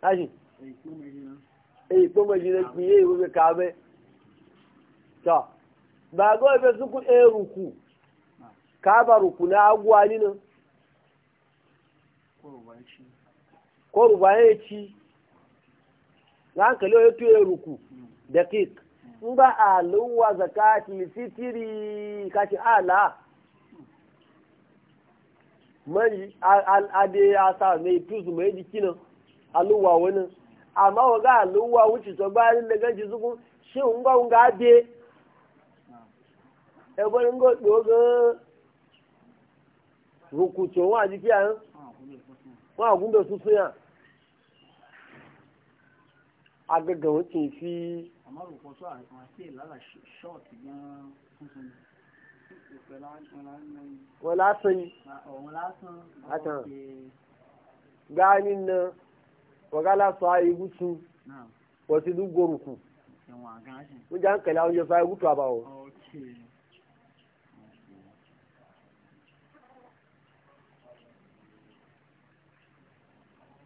tashi eh kuma shi eh, na kiye wuri kabe ta ba ga wabe su ku e ruku ka ba ruku na aguwa ni na ko rubaye ya ci na hankali ya tuye ruku da kik in hmm. ba a luwa zakati sitiri kashi ala mai al'ade ya asa mai tuzu mai dikinan aluwa wani amma wa ga aluwa wuce to bayan da ganci zuku shi unga unga abe ẹgbẹ́ ńgọ́ tó gan-an rùkùtù wọn àti kíá wọn àgúndọ̀ tuntun yà agẹgàn ó fi. àmọ́ rùkùtù àrùn àti ìlànà ṣọ́ọ̀tì gan-an wọn lásán yìí àtàn gáàní na wàgálà sọ ayéwu tún wọ́n ti dún gorùkù. wọ́n jà ń kẹ̀lé àwọn oúnjẹ sọ ayéwu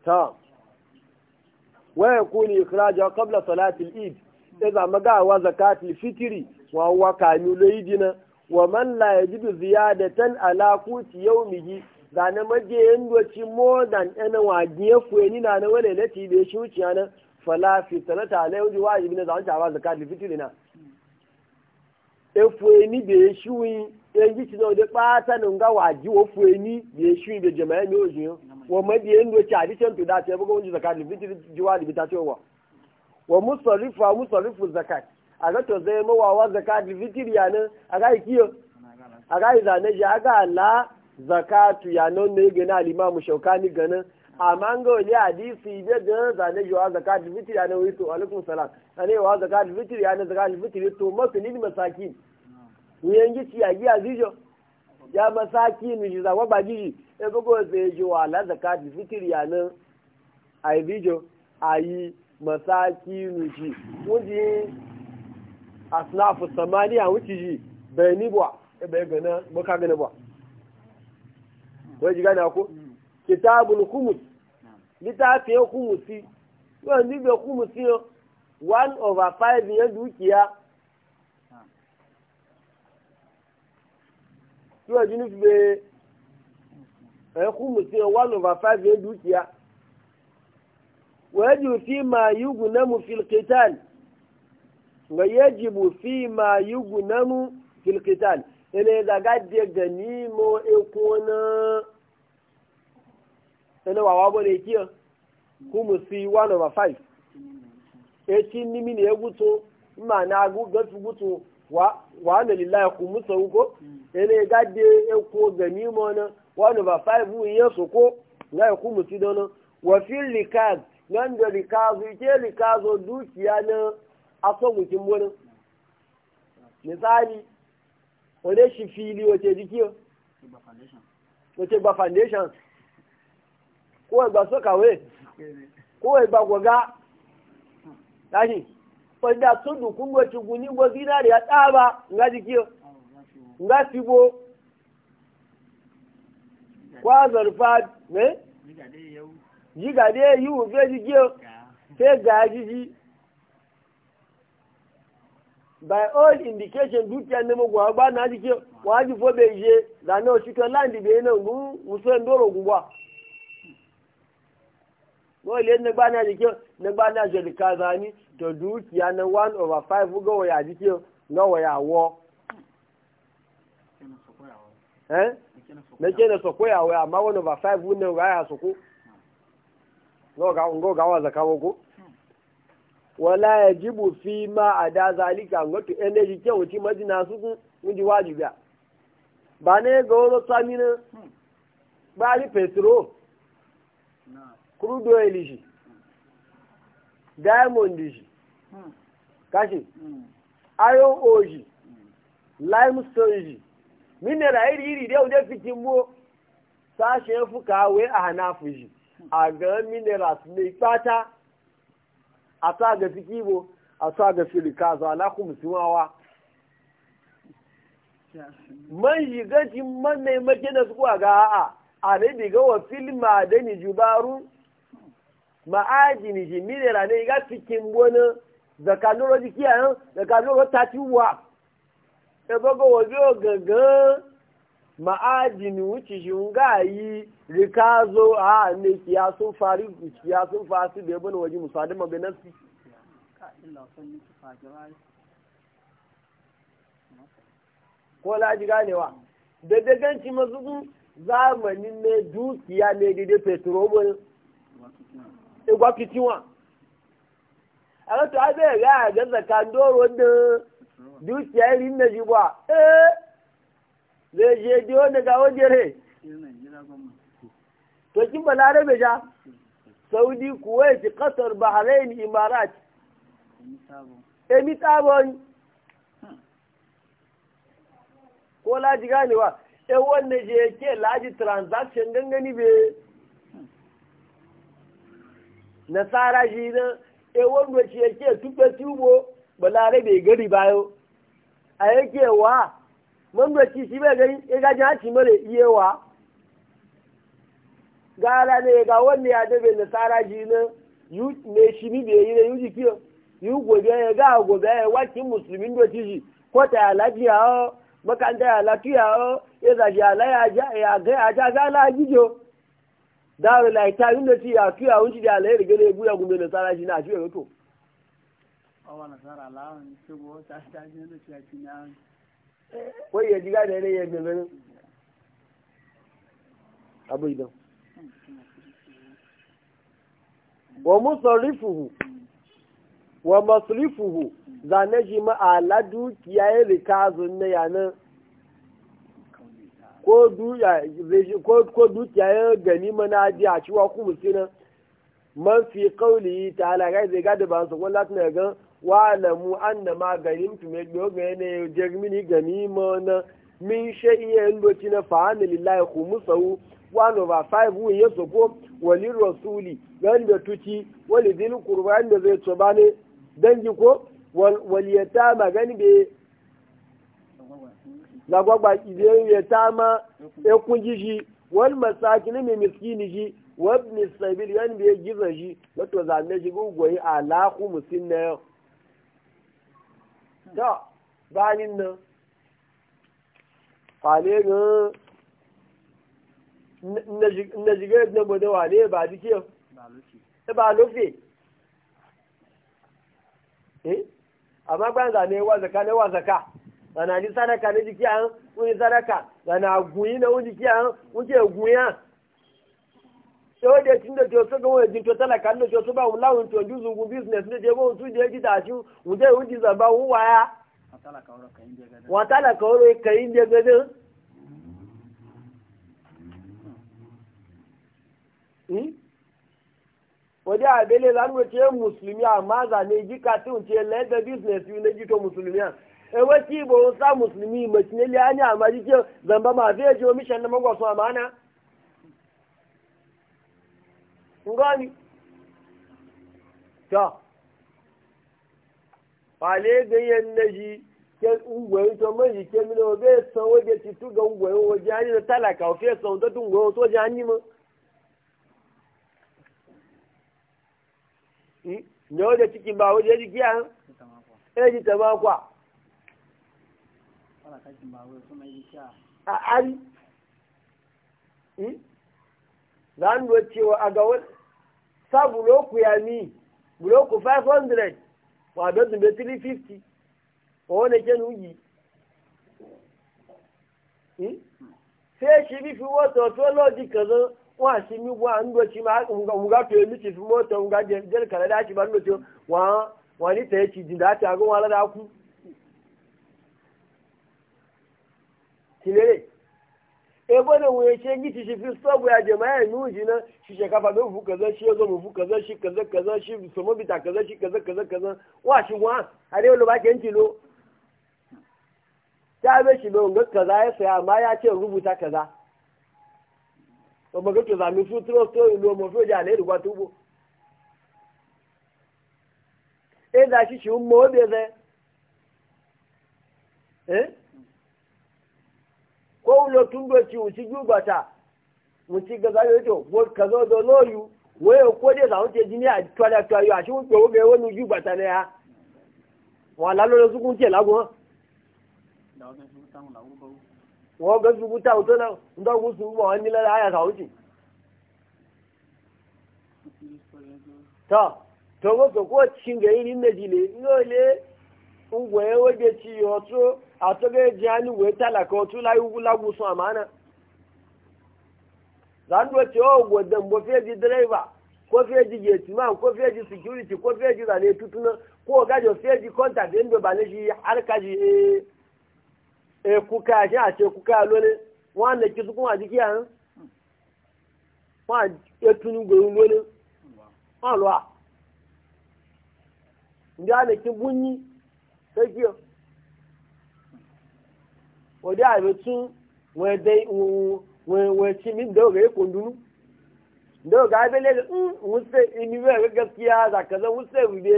ta waya kuni ikhraja qabla salati al-eid idza magawa zakati al-fitri wa huwa kamilu idina wa man la yajidu ziyadatan ala quti yawmihi zane maje yandoci more than ana wagiye fueni na na wale lati be shuciya na fala fitrata alayhi wajibi na zan ta ba zakati al-fitri na efueni be shuwi yanji ti do de pata nunga waji wo fueni be shuwi e be jama'a mi ojiyo wa madiyan do ci hadisan to da sai bugo wani zakat li jiwa jiwali bita ce wa musarrifa musarrifu zakat a ga to zai mawawa zakat li fitri ya nan a ga kiyo a ga zane shi a ga la zakatu ya nan ne gani al-imam shaukani ganin amma ga wani hadisi da zane shi wa zakat li fitri ya nan wai to alaikum salam ane wa zakat li fitri ya nan zakat li fitri to ni masakin wuyan gici ya giya zijo ya masaki ni shi zawa ba jiji e bugo sai ji wa la zakati fitiri ya nan ai bijo ayi masaki ni shi wuji asnafu samaniya wuci ji bai ni ba e bai gana ba ka gana ba ko ji gana ko mm. kitabul khumus litafi e khumusi wa ni be khumusi 1 over 5 ya dukiya tí wọ́n ti ní fi bẹ́ẹ̀ ẹ̀kú mùsùlùmí one over five yẹn dúkìá wọ́n yẹ́jì fi máa yúgùn náà mu filkitan wọ́n yẹ́jì fi máa yúgùn náà mu filkitan ẹni ìdàgá di gani mọ́ ẹkú náà ẹni wàá wá bọ́ ní kí ọ kú mùsùlùmí one over five etí ní mi ní egutu mma na agú gẹ́tù gutu. wa na lillahi ku musa hmm. ene gade e gani mo na wa no ba five wu ye so ko e na ku musi dono wa fil likaz nan da likaz ke likazo dukiya na aso mukin wani misali wani shi fili wace jiki wace ba foundation ko e ba soka we? ko e ba goga hmm. tashi wanda sun dukun wacce guni ko zinari ya tsaba nga jiki nga sibo kwa ne jiga dai yi ufe jiki sai ga jiji by all indication dukiya nemo mu gwa ba na jiki wa ji fo be je da ngu musen doro gwa wọ́n lé nígbà náà jẹ́ kí nígbà náà jẹ́ kàzá ní tó dúkìá ní one over five yà kí yà wọ́. mẹ́kẹ́ na sọ̀kọ́ yà wọ́ àmọ́ one over five ní wọ́n yà sọ̀kọ́ ngọ́ gà wọ́n zaka wọ́n kó. wọ́n jíbù fi má ngọ́ tó kí ti mọ́ náà crude oil ji, diamond ji, kashi iron ore shi limestone ji minera iri iri dai wajen fikin mo sashen fuka wai a hanafu ji. a ga minerals mai fata a sa ga fikibo a sa ga silika na kuma simawa man shiga cin man mai makina su kuwa ga a'a a rabi daga wa filma da ni jubarun ma'ajini shi milera ne ga cikin wani zakanuro jiki a yan zakanuro ta ti wa e bi o gangan ma'ajini wuce shi nga yi rikazo a ne kiya sun fari kiya sun fasi da yabon waje musadin si ko laji ganewa da daganci mazugun zamanin ne dukiya ne daidai petrobol igwa fitiwa a rato abin ga a gaza kandoro da dukiya yi na shi ba eh zai je diyo na ga wajere to kin balarabe ja saudi kuwait qatar bahrain imarat emi tabon ko laji ganewa eh wannan je ke laji transaction gangani be nasara shi nan e wanda shi yake tuɓe tubo balare bai gari bayo a yake wa mamlaci shi bai gari ya e, gaji haci mara iyewa gara ne ga wanda ya dabe nasara shi nan me shi ni bai yi da yuji kiyo yi gobe ya ga gobe ya waki musulmin da shi kota ya lafiya o makanta ya lafiya o e, ya zaji ya laya ya ga ya ja ga la gijo dáre láìta nílé tí àtúyà àwọn jíde àlẹ́ ìrìgẹ́lẹ́ egúrẹ́ ọgbọ̀n nàìjíríà jí náà àtúyà lótò. ọwọ́ nàìjíríà láàrin ṣòwò ta jí ló ti àti náà. ó yẹ jíga ní ẹni yẹn gbẹmẹ. abó ìdán. idan ko dukiya ya gani mana ji a cewa kuma sina man fi kauli ta alaƙa zai gada ba su kwallo tana gan wa alamu an da ma ganin tume biyo ga yanayi jirmini gani mana min she iya yin doci na fa'ani lillahi kuma sau one ba five ya soko wali rasuli yan da tuci wali zini kurba yadda zai tsoba ne dangi ko waliyata magani bai zagwagwa idan ya ma ya kunji shi wal masakin mai miskini shi wani sabil yan da ya gizo shi wato zane shi gugoyi alaku musin na yau da banin nan kwale ga na shiga na bude wale ba dike ba lufe eh amma gbanza ne wa zaka ne wa zaka bana ni sadaka ni jiki an kun yi sadaka bana guyi na wuji ki an wuce guya to de tin da to so ga wani to talaka ni to so ba mu lawun to juzu gu business ne je go su je ki da shi mu je wuji za ba wu waya wa talaka oro kai inde gade wọ́dí àbẹ́lẹ̀ lánàá tí ó mùsùlùmí àmáza ní jíkà tí ó ń ṣe lẹ́gbẹ̀ẹ́ bísínẹ̀sì ní jíkà mùsùlùmí à ewe ti bo sa musulmi mutune le anya amaji ke zamba ma fe je omi na na so amana ngani ta pale de yen naji ke ungwe to ji ke mi no be san waje ti tu ga ungwe je ani da talaka o fe so to tu ngo to je ani mo ni ne ti ki ba waje ki an ba e, kwa a ari hmm? za mu cewa a ga sa buloku ya ni buloku 500 wa don zube 350 wa wani ke nugi hmm? sai shi bi fi wata wato lodi kazo wa shi mi wa an doci ma mu ga to mi ci fi mota mu ga jar kala da shi ban doci wa wani ta yaci jin da ta ga wala da ku tilere ebo da wuya ce gici shi fi sabu ya jama'a ya nuji na shi shekafa mai fu kaza shi ya zo mu fu kaza shi kaza kaza shi somo bita kaza shi kaza kaza kaza wa shi wa a dai lo ba ke kilo ta zo shi lo ngat kaza e ya saya amma ya ce rubuta kaza to maga zami su tro to lo mo so ja ne ru ba tubo e da shi shi mo be ze eh ko wulo tun doci wuci gubata wuci ga zai to ka zo do loyu wo yo ko de za wuce jini a twala to yo ashi wo wo ga wonu ne ya wa la lo su kun ce la go wo ga su buta to na ndo go su mo ni la aya ta wuce ta to go ko ko chinga iri ne dile yo le wo yo to a to ga jani we talaka o tula yu lagu so amana zan do ce o godan bo feji driver ko feji gateman ko feji security ko feji zane tutuna ko gajo feji contact ndo ba ne shi har harka ji e, e kuka shi a ce kuka lole wanda ki su kuma jiki a hmm? wọn etunu gbewu lole wọn lọ a ndị a na-ekigbu nyi sekio wọ́n dé àmì tún wọ́n dé wọ́n ti mí dọ́gà èkó dúró dọ́gà abẹ́lẹ́ ń wúṣẹ́ ìní bẹ́ẹ̀ gẹ́gẹ́ kí á zàkàzẹ́ wúṣẹ́ wùdé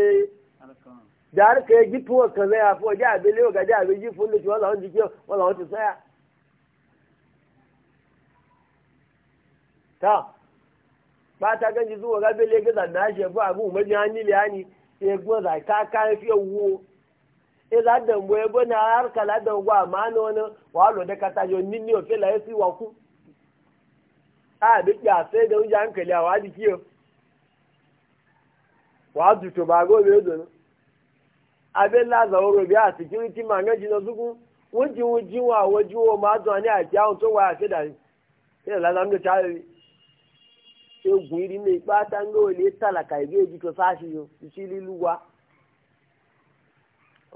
da harka ya ji tuwa kaza ya fi waje abin lewa ga ji abin ji fun da shi wala wani jiki wala wani tsaya ta ba ta ganji zuwa gabe na shi ya fi abu umarni hannu liyani ya kuma e za ka kayan e fiye ila da mbo ebe na har kala ma na no wa lo yo ninni ofela la esi wa ku a bi ase se de nkeli a wa di wa du ba go do abe la za oro bi a security ma nga jino zugu won ji won ji wa wo ju ma do ani aja to wa ase da ni ila la ndo egun iri na ipa ta ngo le talaka ibe eji to sa si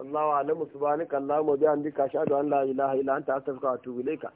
wallahu alamu subhanaka allahumma bi amdika ashhadu an la ilaha illa anta astaghfiruka wa atubu